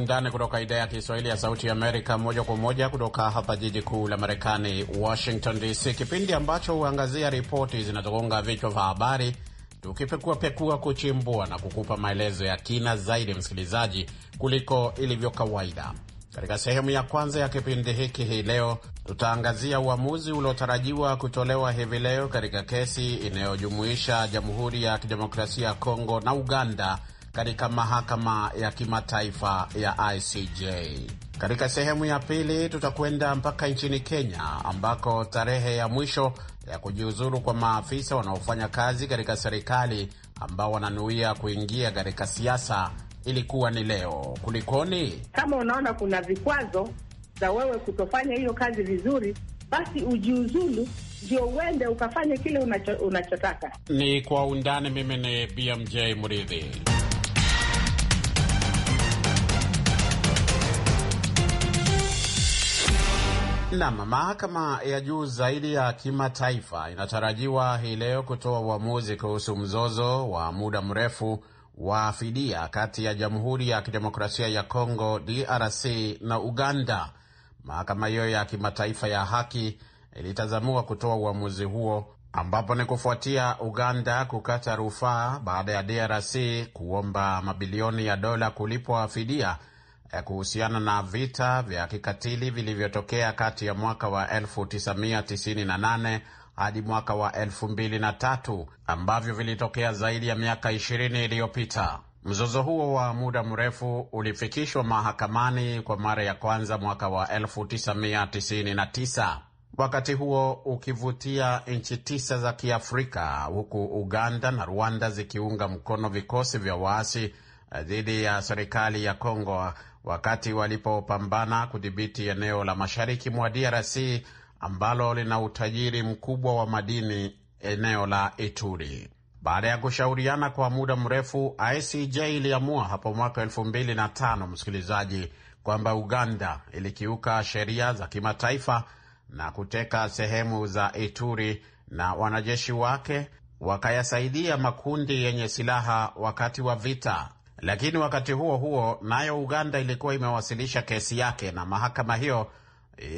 undani kutoka idhaa ya Kiswahili ya Sauti ya Amerika, moja kwa moja kutoka hapa jiji kuu la Marekani, Washington DC, kipindi ambacho huangazia ripoti zinazogonga vichwa vya habari, tukipekuapekua, kuchimbua na kukupa maelezo ya kina zaidi, msikilizaji, kuliko ilivyo kawaida. Katika sehemu ya kwanza ya kipindi hiki hii leo tutaangazia uamuzi uliotarajiwa kutolewa hivi leo katika kesi inayojumuisha Jamhuri ya Kidemokrasia ya Kongo na Uganda katika mahakama ya kimataifa ya ICJ. Katika sehemu ya pili tutakwenda mpaka nchini Kenya ambako tarehe ya mwisho ya kujiuzuru kwa maafisa wanaofanya kazi katika serikali ambao wananuia kuingia katika siasa ilikuwa ni leo. Kulikoni? Kama unaona kuna vikwazo za wewe kutofanya hiyo kazi vizuri, basi ujiuzulu ndio uende ukafanye kile unachotaka. Ni kwa undani. Mimi ni BMJ Mridhi. Nam, mahakama ya juu zaidi ya kimataifa inatarajiwa hii leo kutoa uamuzi kuhusu mzozo wa muda mrefu wa fidia kati ya Jamhuri ya Kidemokrasia ya Kongo DRC na Uganda. Mahakama hiyo ya kimataifa ya haki ilitazamiwa kutoa uamuzi huo ambapo ni kufuatia Uganda kukata rufaa baada ya DRC kuomba mabilioni ya dola kulipwa fidia kuhusiana na vita vya kikatili vilivyotokea kati ya mwaka wa 1998 hadi mwaka wa 2003 ambavyo vilitokea zaidi ya miaka 20 iliyopita. Mzozo huo wa muda mrefu ulifikishwa mahakamani kwa mara ya kwanza mwaka wa 1999, wakati huo ukivutia nchi tisa za Kiafrika, huku Uganda na Rwanda zikiunga mkono vikosi vya waasi eh, dhidi ya serikali ya Kongo wakati walipopambana kudhibiti eneo la mashariki mwa DRC ambalo lina utajiri mkubwa wa madini, eneo la Ituri. Baada ya kushauriana kwa muda mrefu, ICJ iliamua hapo mwaka tano, msikilizaji, kwamba Uganda ilikiuka sheria za kimataifa na kuteka sehemu za Ituri na wanajeshi wake wakayasaidia makundi yenye silaha wakati wa vita. Lakini wakati huo huo, nayo Uganda ilikuwa imewasilisha kesi yake na mahakama hiyo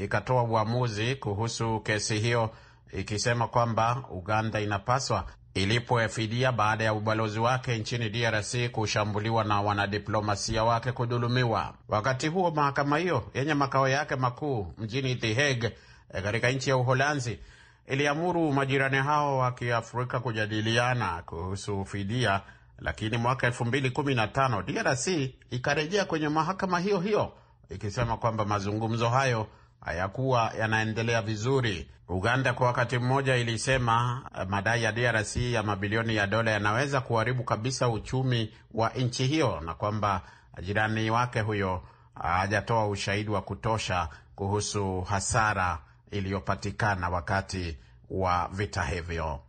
ikatoa uamuzi kuhusu kesi hiyo ikisema kwamba Uganda inapaswa ilipwe fidia baada ya ubalozi wake nchini DRC kushambuliwa na wanadiplomasia wake kudhulumiwa. Wakati huo mahakama hiyo yenye makao yake makuu mjini The Hague eh, katika nchi ya Uholanzi iliamuru majirani hao wa Kiafrika kujadiliana kuhusu fidia lakini mwaka 2015 DRC ikarejea kwenye mahakama hiyo hiyo ikisema kwamba mazungumzo hayo hayakuwa yanaendelea vizuri. Uganda kwa wakati mmoja ilisema eh, madai ya DRC ya mabilioni ya dola yanaweza kuharibu kabisa uchumi wa nchi hiyo na kwamba jirani wake huyo hajatoa ushahidi wa kutosha kuhusu hasara iliyopatikana wakati wa vita hivyo.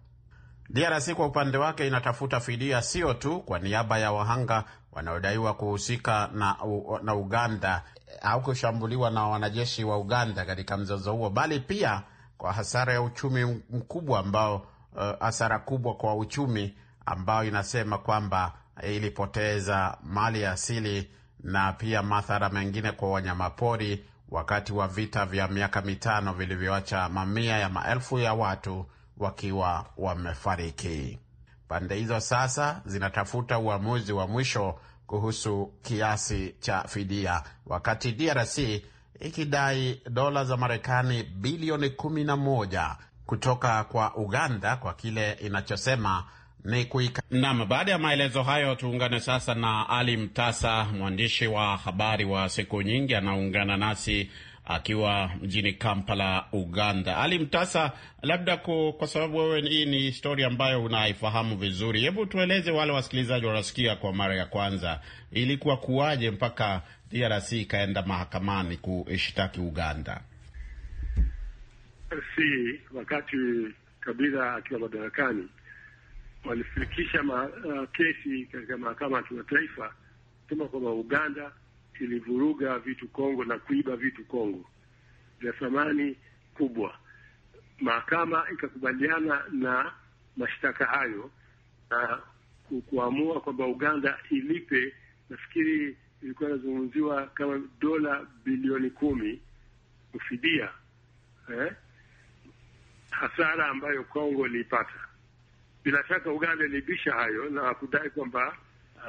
DRC kwa upande wake inatafuta fidia sio tu kwa niaba ya wahanga wanaodaiwa kuhusika na, na Uganda au kushambuliwa na wanajeshi wa Uganda katika mzozo huo, bali pia kwa hasara ya uchumi mkubwa ambao uh, hasara kubwa kwa uchumi ambao inasema kwamba ilipoteza mali asili na pia madhara mengine kwa wanyamapori wakati wa vita vya miaka mitano vilivyoacha mamia ya maelfu ya watu wakiwa wamefariki. Pande hizo sasa zinatafuta uamuzi wa mwisho kuhusu kiasi cha fidia, wakati DRC ikidai dola za Marekani bilioni 11 kutoka kwa Uganda kwa kile inachosema ni kuika. Naam, baada ya maelezo hayo, tuungane sasa na Ali Mtasa, mwandishi wa habari wa siku nyingi, anaungana nasi akiwa mjini Kampala, Uganda. Ali Mtasa, labda kwa sababu wewe, hii ni historia ambayo unaifahamu vizuri, hebu tueleze wale wasikilizaji wanasikia kwa mara ya kwanza, ilikuwa kuwaje mpaka DRC ikaenda mahakamani kuishtaki Uganda? Si wakati Kabila akiwa madarakani walifikisha ma, uh, kesi katika mahakama ya kimataifa kusema kwamba Uganda ilivuruga vitu Kongo na kuiba vitu Kongo vya thamani kubwa. Mahakama ikakubaliana na mashtaka hayo na kuamua kwamba Uganda ilipe, nafikiri ilikuwa inazungumziwa kama dola bilioni kumi kufidia eh, hasara ambayo Kongo iliipata. Bila shaka Uganda ilibisha hayo na kudai kwamba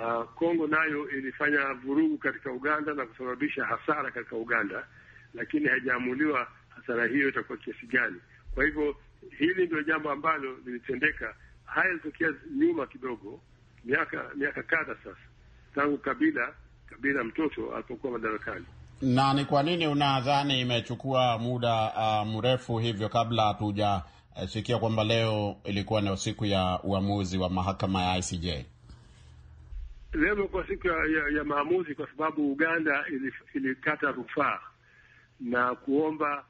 Uh, Kongo nayo ilifanya vurugu katika Uganda na kusababisha hasara katika Uganda, lakini haijaamuliwa hasara hiyo itakuwa kiasi gani. Kwa hivyo hili ndio jambo ambalo lilitendeka. Haya ilitokea nyuma kidogo, miaka miaka kadha sasa, tangu Kabila Kabila mtoto alipokuwa madarakani. Na ni kwa nini unadhani imechukua muda uh, mrefu hivyo kabla hatuja uh, sikia kwamba leo ilikuwa ndio siku ya uamuzi wa mahakama ya ICJ? leo imekuwa siku ya, ya, ya maamuzi kwa sababu Uganda ilikata rufaa na kuomba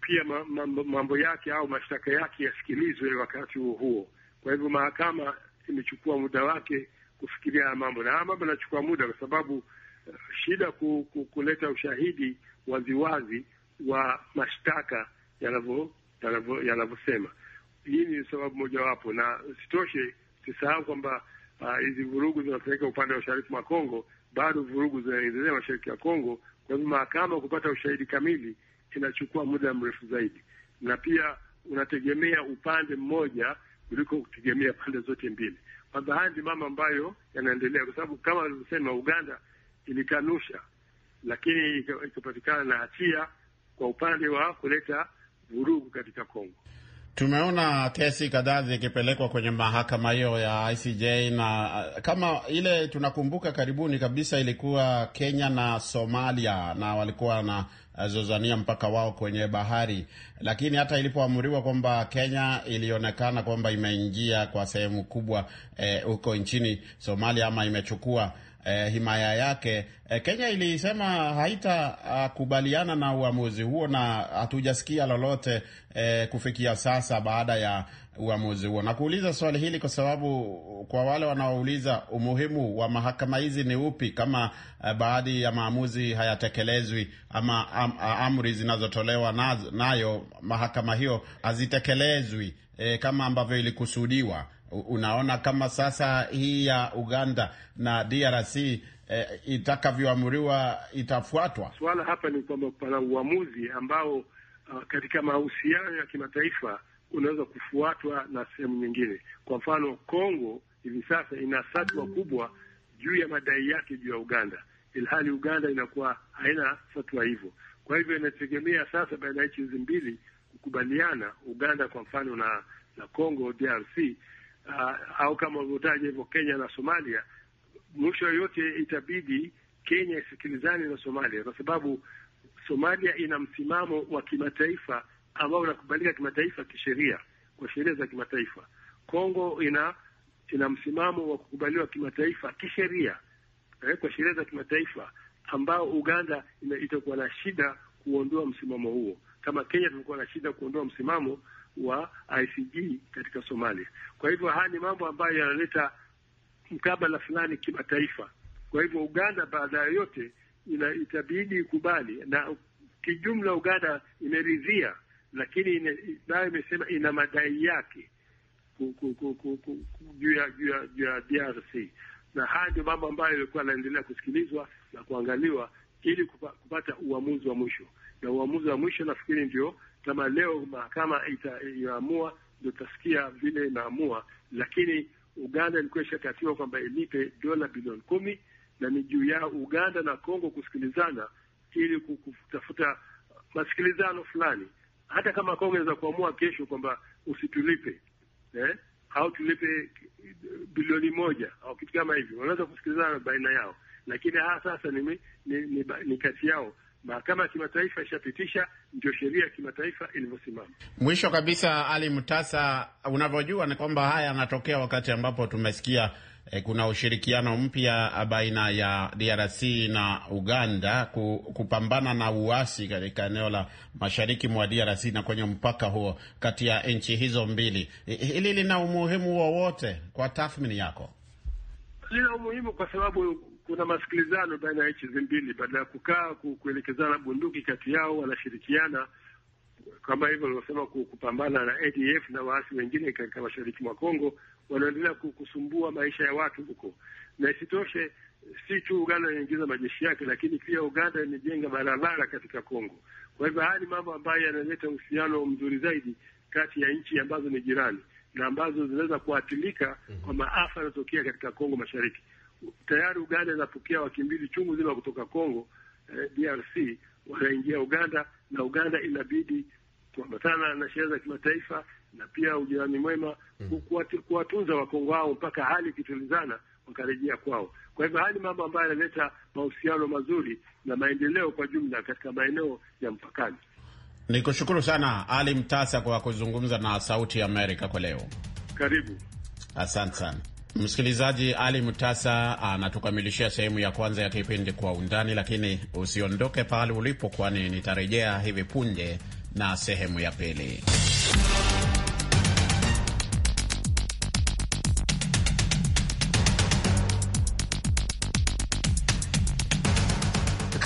pia mambo, mambo yake au mashtaka yake yasikilizwe wakati huo huo. Kwa hivyo mahakama imechukua muda wake kufikiria haya mambo, na haya mambo yanachukua muda kwa sababu uh, shida ku, ku, kuleta ushahidi waziwazi wa mashtaka yanavyosema. Hii ni sababu mojawapo, na sitoshe tusahau kwamba Ah, hizi uh, vurugu zinafanyika upande wa mashariki mwa Kongo, bado vurugu zinaendelea mashariki ya Kongo. Kwa hivyo mahakama kupata ushahidi kamili inachukua muda mrefu zaidi, na pia unategemea upande mmoja kuliko kutegemea pande zote mbili. Kwanza haya ndi mambo ambayo yanaendelea, kwa sababu kama alivyosema, Uganda ilikanusha lakini ikapatikana na hatia kwa upande wa kuleta vurugu katika Kongo. Tumeona kesi kadhaa zikipelekwa kwenye mahakama hiyo ya ICJ na uh, kama ile tunakumbuka, karibuni kabisa ilikuwa Kenya na Somalia, na walikuwa wanazozania uh, mpaka wao kwenye bahari, lakini hata ilipoamriwa kwamba Kenya ilionekana kwamba imeingia kwa sehemu kubwa eh, huko eh, nchini Somalia ama imechukua eh, himaya yake eh, Kenya ilisema haitakubaliana ah, uh, na uamuzi huo na hatujasikia lolote eh, kufikia sasa baada ya uamuzi huo. Na kuuliza swali hili kwa sababu kwa wale wanaouliza umuhimu wa mahakama hizi ni upi kama eh, baadhi ya maamuzi hayatekelezwi ama am, ah, amri zinazotolewa nayo mahakama hiyo hazitekelezwi eh, kama ambavyo ilikusudiwa. Unaona kama sasa hii ya Uganda na DRC eh, itakavyoamuriwa itafuatwa. Swala hapa ni kwamba pana uamuzi ambao uh, katika mahusiano ya kimataifa unaweza kufuatwa na sehemu nyingine. Kwa mfano, Kongo hivi sasa ina satwa kubwa juu ya madai yake juu ya Uganda, ilhali Uganda inakuwa haina satwa hivyo. Kwa hivyo inategemea sasa baina ya nchi hizi mbili kukubaliana, Uganda kwa mfano na na Kongo DRC uh, au kama ulivyotaja hivyo Kenya na Somalia, mwisho yoyote itabidi Kenya isikilizane na Somalia kwa sababu Somalia ina msimamo wa kimataifa ambao unakubalika kimataifa kisheria, kwa sheria za kimataifa. Kongo ina ina msimamo wa kukubaliwa kimataifa kisheria, eh, kwa sheria za kimataifa ambao Uganda itakuwa na shida kuondoa msimamo huo, kama Kenya tumekuwa na shida kuondoa msimamo wa ICG katika Somalia. Kwa hivyo haya ni mambo ambayo yanaleta mkabala fulani kimataifa. Kwa hivyo Uganda baada ya yote ina, itabidi ikubali, na kijumla Uganda imeridhia, lakini nayo imesema ina madai yake juu ya DRC, na haya ndio mambo ambayo yalikuwa yanaendelea kusikilizwa na kuangaliwa ili kupata uamuzi wa mwisho, na uamuzi wa mwisho nafikiri ndio kama leo mahakama itaamua, ndo tasikia vile inaamua, lakini Uganda ilikuwa ishatakiwa kwamba ilipe dola bilioni kumi na ni juu yao Uganda na Kongo kusikilizana ili kutafuta masikilizano fulani, hata kama Kongo inaweza kuamua kesho kwamba usitulipe eh, au tulipe bilioni moja au kitu kama hivyo, wanaweza kusikilizana baina yao, lakini haa sasa ni, ni, ni, ni kati yao. Mahakama ya kimataifa ishapitisha, ndio sheria ya kimataifa ilivyosimama. Mwisho kabisa, Ali Mtasa, unavyojua ni kwamba haya yanatokea wakati ambapo tumesikia eh, kuna ushirikiano mpya baina ya DRC na Uganda ku, kupambana na uasi katika eneo la mashariki mwa DRC na kwenye mpaka huo kati ya nchi hizo mbili. Hili lina umuhimu wowote kwa tathmini yako? Lina umuhimu kwa sababu kuna masikilizano baina ya nchi hizi mbili, badala ya kukaa kuelekezana bunduki kati yao, wanashirikiana kama hivyo walivyosema kupambana na ADF na waasi wengine katika mashariki mwa Kongo, wanaendelea kusumbua maisha ya watu huko. Na isitoshe, si tu Uganda inaingiza majeshi yake, lakini pia Uganda imejenga barabara katika Kongo. Kwa hivyo haya ni mambo ambayo yanaleta uhusiano mzuri zaidi kati ya nchi ambazo ni jirani na ambazo zinaweza kuathirika kwa mhm. maafa yanayotokea katika Kongo Mashariki tayari Uganda inapokea wakimbizi chungu zima kutoka Congo eh, DRC wanaingia Uganda, na Uganda inabidi kuambatana na sheria za kimataifa na pia ujirani mwema mm. kuwatunza wakongo wao mpaka hali ikitulizana wakarejea kwao. Kwa hivyo haya ni mambo ambayo yanaleta mahusiano mazuri na maendeleo kwa jumla katika maeneo ya mpakani. Ni kushukuru sana Ali Mtasa kwa kuzungumza na Sauti ya Amerika kwa leo. Karibu, asante sana. Msikilizaji, Ali Mtasa anatukamilishia sehemu ya kwanza ya kipindi Kwa Undani, lakini usiondoke pahali ulipo, kwani nitarejea hivi punde na sehemu ya pili.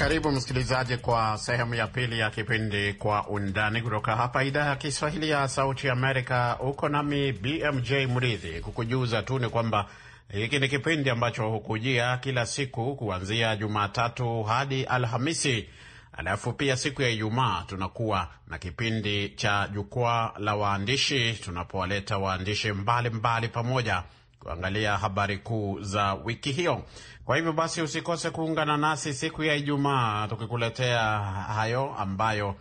Karibu msikilizaji kwa sehemu ya pili ya kipindi Kwa Undani kutoka hapa idhaa ya Kiswahili ya Sauti Amerika. huko nami BMJ Mridhi. Kukujuza tu ni kwamba hiki ni kipindi ambacho hukujia kila siku kuanzia Jumatatu hadi Alhamisi, alafu pia siku ya Ijumaa tunakuwa na kipindi cha Jukwaa la Waandishi tunapowaleta waandishi mbalimbali mbali pamoja kuangalia habari kuu za wiki hiyo. Kwa hivyo basi, usikose kuungana nasi siku ya Ijumaa tukikuletea hayo ambayo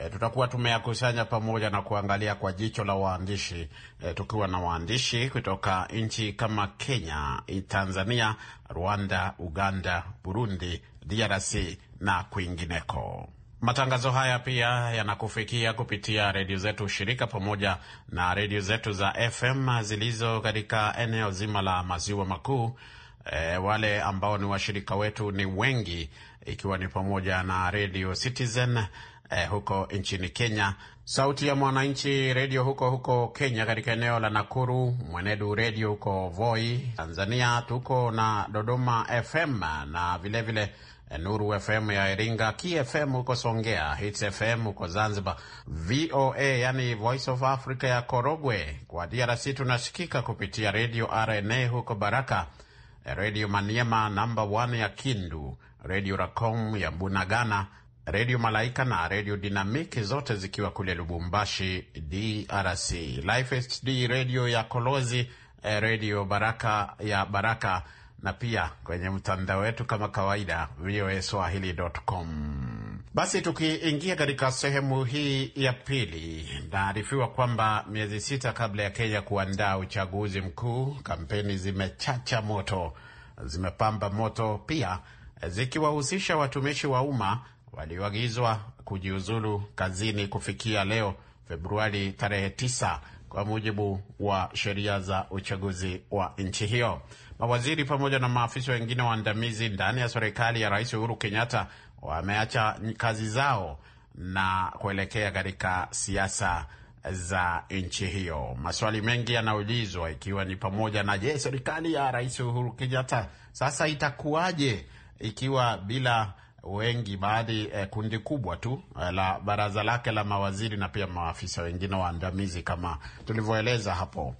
E, tutakuwa tumeyakusanya pamoja na kuangalia kwa jicho la waandishi e, tukiwa na waandishi kutoka nchi kama Kenya, Tanzania, Rwanda, Uganda, Burundi, DRC na kwingineko. Matangazo haya pia yanakufikia kupitia redio zetu shirika pamoja na redio zetu za FM zilizo katika eneo zima la maziwa makuu. E, wale ambao ni washirika wetu ni wengi, ikiwa ni pamoja na redio Citizen e, huko nchini Kenya, sauti ya mwananchi redio huko huko Kenya katika eneo la Nakuru, mwenedu redio huko Voi Tanzania, tuko na Dodoma FM na vilevile vile Nuru FM ya Iringa, KFM huko Songea, Hits FM huko Zanzibar, VOA yani Voice of Africa ya Korogwe. Kwa DRC tunasikika kupitia redio RNA huko Baraka, redio Maniema namba 1 ya Kindu, redio Racom ya Bunagana, redio Malaika na redio Dinamiki, zote zikiwa kule Lubumbashi, DRC. Life HD redio ya Kolozi, eh, redio Baraka ya Baraka na pia kwenye mtandao wetu kama kawaida voaswahili.com. Basi tukiingia katika sehemu hii ya pili, naarifiwa kwamba miezi sita kabla ya Kenya kuandaa uchaguzi mkuu, kampeni zimechacha moto, zimepamba moto pia zikiwahusisha watumishi wa umma walioagizwa kujiuzulu kazini kufikia leo Februari tarehe 9 kwa mujibu wa sheria za uchaguzi wa nchi hiyo. Mawaziri pamoja na maafisa wengine waandamizi ndani ya serikali ya Rais Uhuru Kenyatta wameacha kazi zao na kuelekea katika siasa za nchi hiyo. Maswali mengi yanaulizwa ikiwa ni pamoja na je, serikali ya Rais Uhuru Kenyatta sasa itakuwaje ikiwa bila wengi baadhi eh, kundi kubwa tu eh, la baraza lake la mawaziri na pia maafisa wengine waandamizi kama tulivyoeleza hapo.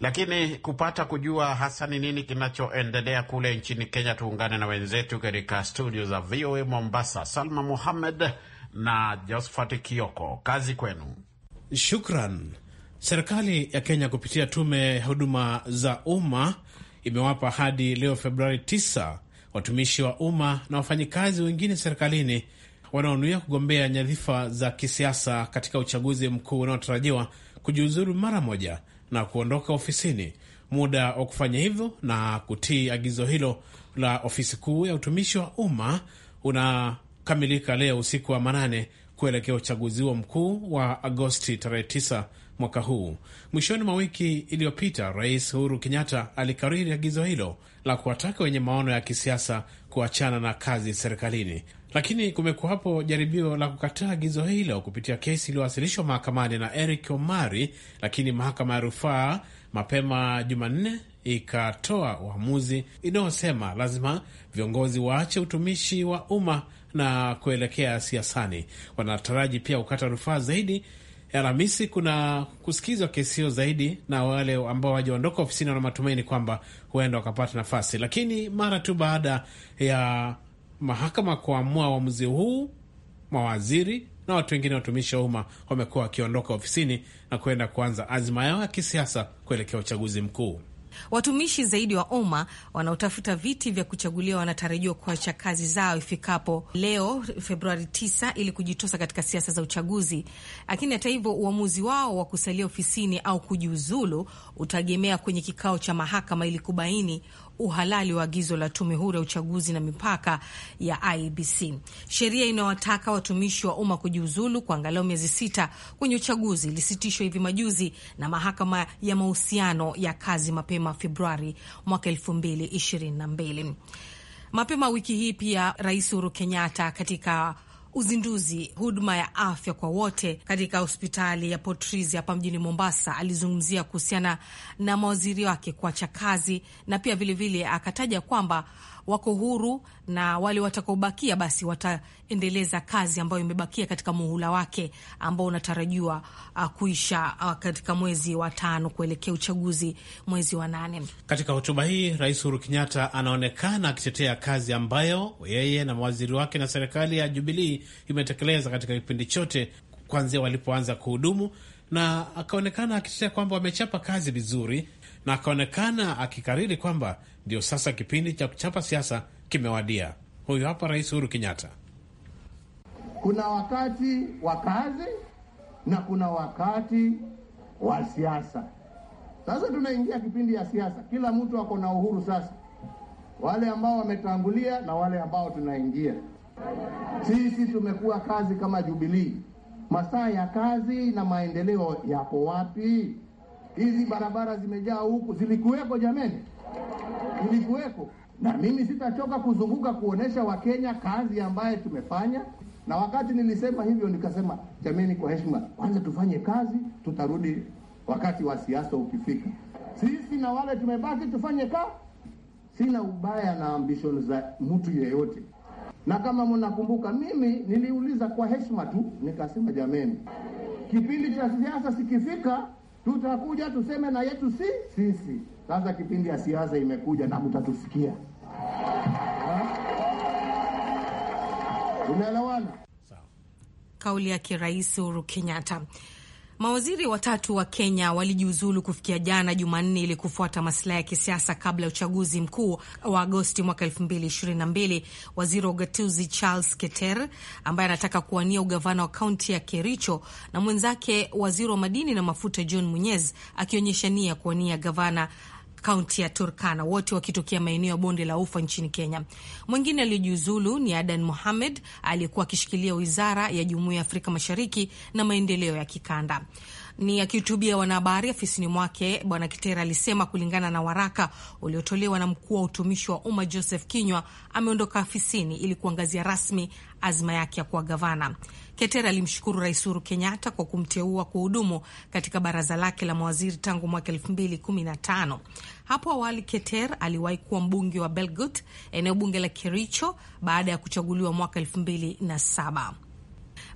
Lakini kupata kujua hasa ni nini kinachoendelea kule nchini Kenya, tuungane na wenzetu katika studio za VOA Mombasa, Salma muhammed na Josphat Kioko. Kazi kwenu, shukran. Serikali ya Kenya kupitia tume ya huduma za umma imewapa hadi leo Februari 9 watumishi wa umma na wafanyikazi wengine serikalini wanaonuia kugombea nyadhifa za kisiasa katika uchaguzi mkuu unaotarajiwa kujiuzuru mara moja na kuondoka ofisini. Muda wa kufanya hivyo na kutii agizo hilo la ofisi kuu ya utumishi wa umma unakamilika leo usiku wa manane kuelekea uchaguzi huo mkuu wa Agosti tarehe 9 mwaka huu. Mwishoni mwa wiki iliyopita, Rais Uhuru Kenyatta alikariri agizo hilo la kuwataka wenye maono ya kisiasa kuachana na kazi serikalini, lakini kumekuwapo jaribio la kukataa agizo hilo kupitia kesi iliyowasilishwa mahakamani na Eric Omari, lakini mahakama ya rufaa mapema Jumanne ikatoa uamuzi inayosema lazima viongozi waache utumishi wa umma na kuelekea siasani. Wanataraji pia kukata rufaa zaidi. Alhamisi kuna kusikizwa kesi hiyo zaidi, na wale ambao wajaondoka ofisini wana matumaini kwamba huenda wakapata nafasi, lakini mara tu baada ya mahakama kuamua uamuzi huu, mawaziri na watu wengine watumishi wa umma wamekuwa wakiondoka ofisini na kuenda kuanza azima yao ya kisiasa kuelekea uchaguzi mkuu. Watumishi zaidi wa umma wanaotafuta viti vya kuchaguliwa wanatarajiwa kuacha kazi zao ifikapo leo Februari 9 ili kujitosa katika siasa za uchaguzi. Lakini hata hivyo, uamuzi wao wa kusalia ofisini au kujiuzulu utaegemea kwenye kikao cha mahakama ili kubaini uhalali wa agizo la tume huru ya uchaguzi na mipaka ya ibc e Sheria inawataka watumishi wa umma kujiuzulu kwa angalau miezi sita kwenye uchaguzi ilisitishwa hivi majuzi na mahakama ya mahusiano ya kazi mapema Februari mwaka 2022. Mapema wiki hii pia Rais Uhuru Kenyatta katika uzinduzi huduma ya afya kwa wote katika hospitali ya Port Reitz hapa mjini Mombasa, alizungumzia kuhusiana na mawaziri wake kuacha kazi na pia vilevile akataja kwamba wako huru na wale watakaobakia basi wataendeleza kazi ambayo imebakia katika muhula wake ambao unatarajiwa uh, kuisha uh, katika mwezi wa tano kuelekea uchaguzi mwezi wa nane. Katika hotuba hii, Rais Uhuru Kenyatta anaonekana akitetea kazi ambayo yeye na mawaziri wake na serikali ya Jubilii imetekeleza katika kipindi chote kuanzia walipoanza kuhudumu, na akaonekana akitetea kwamba wamechapa kazi vizuri, na akaonekana akikariri kwamba ndio sasa kipindi cha kuchapa siasa kimewadia. Huyu hapa Rais Uhuru Kenyatta. Kuna wakati wa kazi na kuna wakati wa siasa. Sasa tunaingia kipindi ya siasa, kila mtu ako na uhuru sasa, wale ambao wametangulia na wale ambao tunaingia sisi tumekuwa kazi kama Jubilee, masaa ya kazi na maendeleo yako wapi? Hizi barabara zimejaa huku, zilikuweko jameni, zilikuweko. Na mimi sitachoka kuzunguka kuonesha Wakenya kazi ambaye tumefanya, na wakati nilisema hivyo nikasema, jameni, kwa heshima kwanza tufanye kazi, tutarudi wakati wa siasa ukifika. Sisi na wale tumebaki tufanye kazi. Sina ubaya na ambition za mtu yeyote. Na kama mnakumbuka, mimi niliuliza kwa heshima tu, nikasema jameni, kipindi cha siasa sikifika, tutakuja tuseme na yetu si sisi. Sasa kipindi ya siasa imekuja na mtatusikia. Unaelewana? Kauli yake Rais Uhuru Kenyatta. Mawaziri watatu wa Kenya walijiuzulu kufikia jana Jumanne ili kufuata masilahi ya kisiasa kabla ya uchaguzi mkuu wa Agosti mwaka 2022. Waziri wa ugatuzi Charles Keter ambaye anataka kuwania ugavana wa kaunti ya Kericho na mwenzake waziri wa madini na mafuta John Munyez akionyesha nia kuwania gavana kaunti ya Turkana, wote wakitokea maeneo ya bonde la ufa nchini Kenya. Mwingine aliyojiuzulu ni Adan Mohamed aliyekuwa akishikilia wizara ya Jumuiya ya Afrika Mashariki na maendeleo ya kikanda. Ni akihutubia wanahabari afisini mwake, Bwana Kitera alisema kulingana na waraka uliotolewa na mkuu wa utumishi wa umma Joseph Kinywa, ameondoka afisini ili kuangazia rasmi azma yake ya kuwa gavana. Ketera alimshukuru Rais Uhuru Kenyatta kwa kumteua kuhudumu katika baraza lake la mawaziri tangu mwaka tano. Hapo awali Keter aliwahi kuwa mbunge wa Belgut, eneo bunge la Kericho, baada ya kuchaguliwa mwaka saba.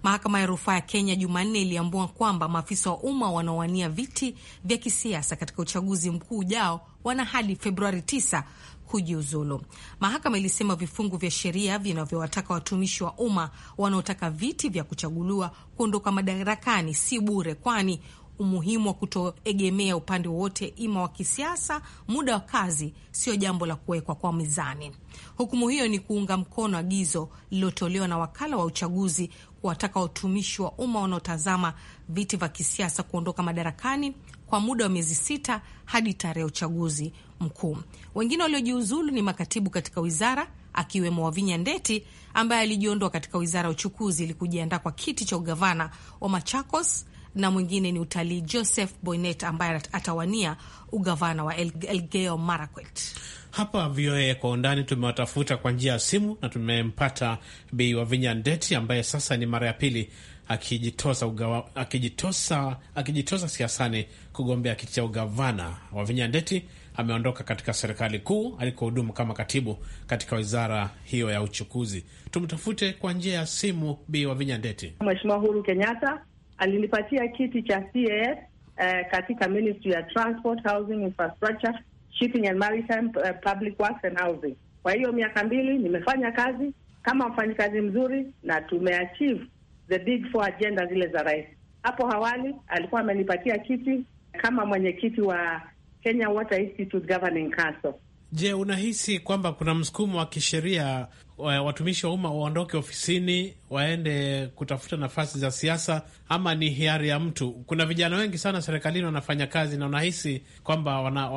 Mahakama ya rufaa ya Kenya Jumanne iliambua kwamba maafisa wa umma wanaowania viti vya kisiasa katika uchaguzi mkuu ujao wana hadi Februari 9 kujiuzulu. Mahakama ilisema vifungu vya sheria vinavyowataka watumishi wa umma wanaotaka viti vya kuchaguliwa kuondoka madarakani si bure, kwani umuhimu wa kutoegemea upande wowote, ima wa kisiasa. Muda wa kazi sio jambo la kuwekwa kwa mizani. Hukumu hiyo ni kuunga mkono agizo lililotolewa na wakala wa uchaguzi kuwataka watumishi wa umma wanaotazama viti vya kisiasa kuondoka madarakani kwa muda wa miezi sita hadi tarehe ya uchaguzi mkuu. Wengine waliojiuzulu ni makatibu katika wizara akiwemo Wavinya Ndeti ambaye alijiondoa katika wizara ya uchukuzi ili kujiandaa kwa kiti cha ugavana wa Machakos na mwingine ni utalii, Joseph Boynet ambaye atawania ugavana wa Elgeyo Marakwet. Hapa VOA kwa undani tumewatafuta kwa njia ya simu na tumempata Bi Wavinya Ndeti ambaye sasa ni mara ya pili akijitosa ugawa, akijitosa, akijitosa siasani kugombea kiti cha ugavana. Wavinya Ndeti ameondoka katika serikali kuu alikohudumu kama katibu katika wizara hiyo ya uchukuzi. Tumtafute kwa njia ya simu Bi Wavinya Ndeti. Mheshimiwa Uhuru Kenyatta alinipatia kiti cha CAS uh, eh, katika Ministry ya Transport, Housing, Infrastructure, Shipping and Maritime, uh, Public Works and Housing. Kwa hiyo miaka mbili nimefanya kazi kama mfanyikazi mzuri na tumeachieve the big four agenda zile za rais. Hapo awali alikuwa amenipatia kiti kama mwenyekiti wa Kenya Water Institute Governing Council. Je, unahisi kwamba kuna msukumo wa kisheria watumishi wa umma waondoke ofisini waende kutafuta nafasi za siasa, ama ni hiari ya mtu? Kuna vijana wengi sana serikalini wanafanya kazi na wanahisi kwamba wana,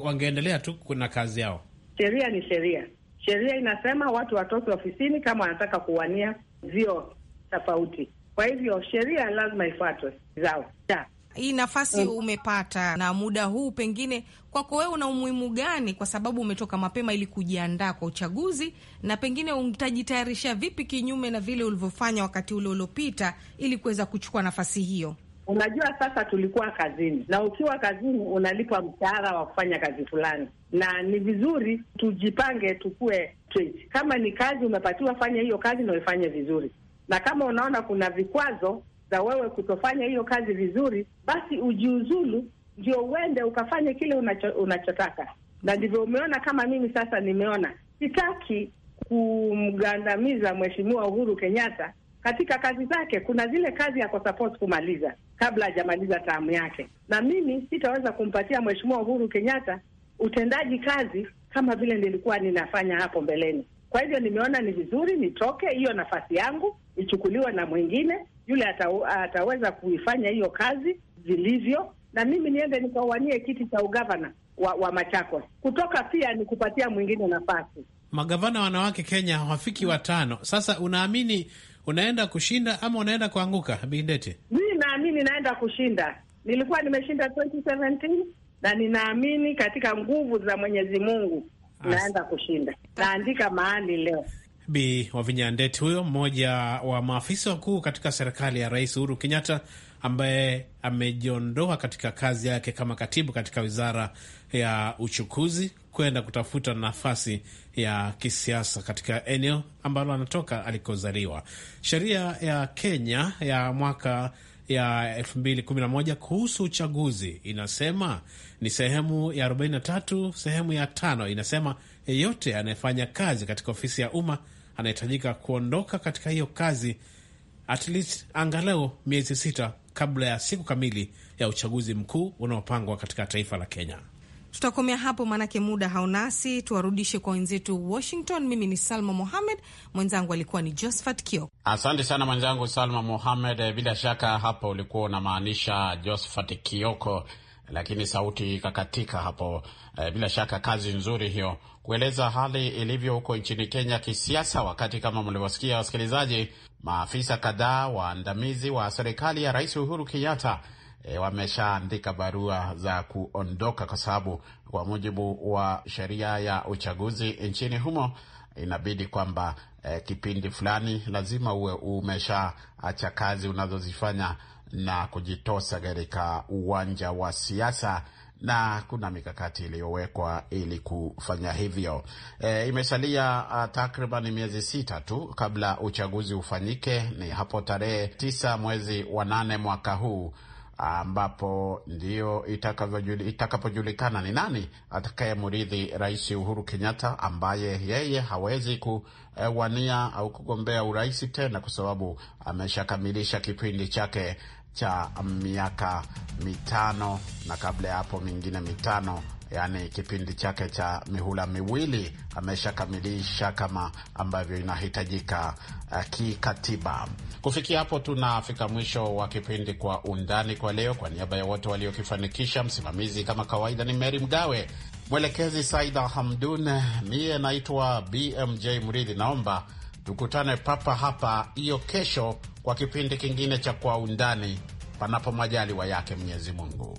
wangeendelea tu kuna kazi yao. Sheria ni sheria. Sheria inasema watu watoke ofisini kama wanataka kuwania vio tofauti. Kwa hivyo sheria lazima ifuatwe zao ja hii nafasi mm. umepata na muda huu, pengine kwako wewe una umuhimu gani, kwa sababu umetoka mapema ili kujiandaa kwa uchaguzi, na pengine utajitayarisha vipi kinyume na vile ulivyofanya wakati ule uliopita ili kuweza kuchukua nafasi hiyo? Unajua, sasa tulikuwa kazini, na ukiwa kazini unalipwa mshahara wa kufanya kazi fulani, na ni vizuri tujipange, tukue kama ni kazi umepatiwa, fanya hiyo kazi na uifanye vizuri, na kama unaona kuna vikwazo za wewe kutofanya hiyo kazi vizuri, basi ujiuzulu ndio uende ukafanye kile unacho, unachotaka. Na ndivyo umeona kama mimi sasa nimeona sitaki kumgandamiza Mheshimiwa Uhuru Kenyatta katika kazi zake. Kuna zile kazi yako support kumaliza kabla hajamaliza taamu yake, na mimi sitaweza kumpatia Mheshimiwa Uhuru Kenyatta utendaji kazi kama vile nilikuwa ninafanya hapo mbeleni. Kwa hivyo nimeona ni vizuri nitoke, hiyo nafasi yangu ichukuliwe na mwingine yule ataweza kuifanya hiyo kazi vilivyo, na mimi niende nikawanie kiti cha ugavana wa, wa Machakos. Kutoka pia ni kupatia mwingine nafasi. Magavana wanawake Kenya hawafiki watano. Sasa unaamini unaenda kushinda ama unaenda kuanguka, Bindete? mii naamini naenda kushinda. Nilikuwa nimeshinda 2017 na ninaamini katika nguvu za Mwenyezi Mungu naenda kushinda. Naandika mahali leo Bi Wavinya Ndeti huyo mmoja wa maafisa wakuu katika serikali ya Rais Uhuru Kenyatta ambaye amejiondoa katika kazi yake kama katibu katika wizara ya uchukuzi kwenda kutafuta nafasi ya kisiasa katika eneo ambalo anatoka alikozaliwa. Sheria ya Kenya ya mwaka ya 2011 kuhusu uchaguzi inasema ni sehemu ya 43 sehemu ya tano inasema yeyote anayefanya kazi katika ofisi ya umma anahitajika kuondoka katika hiyo kazi at least angalau miezi sita kabla ya siku kamili ya uchaguzi mkuu unaopangwa katika taifa la Kenya. Tutakomea hapo maanake muda haunasi, tuwarudishe kwa wenzetu Washington. Mimi ni Salma Mohamed, mwenzangu alikuwa ni Josphat Kioko. Asante sana mwenzangu Salma Mohamed. Eh, bila shaka hapo ulikuwa unamaanisha Josphat Kioko lakini sauti ikakatika hapo. E, bila shaka kazi nzuri hiyo kueleza hali ilivyo huko nchini Kenya kisiasa, wakati kama mlivyosikia wasikilizaji, maafisa kadhaa waandamizi wa, wa serikali ya Rais Uhuru Kenyatta e, wameshaandika barua za kuondoka, kwa sababu kwa mujibu wa sheria ya uchaguzi nchini humo inabidi kwamba e, kipindi fulani lazima uwe umeshaacha kazi unazozifanya na kujitosa katika uwanja wa siasa na kuna mikakati iliyowekwa ili kufanya hivyo. E, imesalia takriban miezi sita tu kabla uchaguzi ufanyike. Ni hapo tarehe tisa mwezi wa nane mwaka huu ambapo ndio itakapojulikana ni nani atakayemrithi Rais Uhuru Kenyatta ambaye yeye hawezi kuwania au kugombea urais tena kwa sababu ameshakamilisha kipindi chake cha miaka mitano na kabla ya hapo mingine mitano yaani kipindi chake cha mihula miwili ameshakamilisha kama ambavyo inahitajika uh, kikatiba. Kufikia hapo, tunafika mwisho wa kipindi Kwa Undani kwa leo. Kwa niaba ya wote waliokifanikisha, msimamizi kama kawaida ni Meri Mgawe, mwelekezi Saida Hamdun, miye naitwa BMJ Mridhi. Naomba tukutane papa hapa hiyo kesho kwa kipindi kingine cha Kwa Undani, panapo majaliwa yake Mwenyezi Mungu.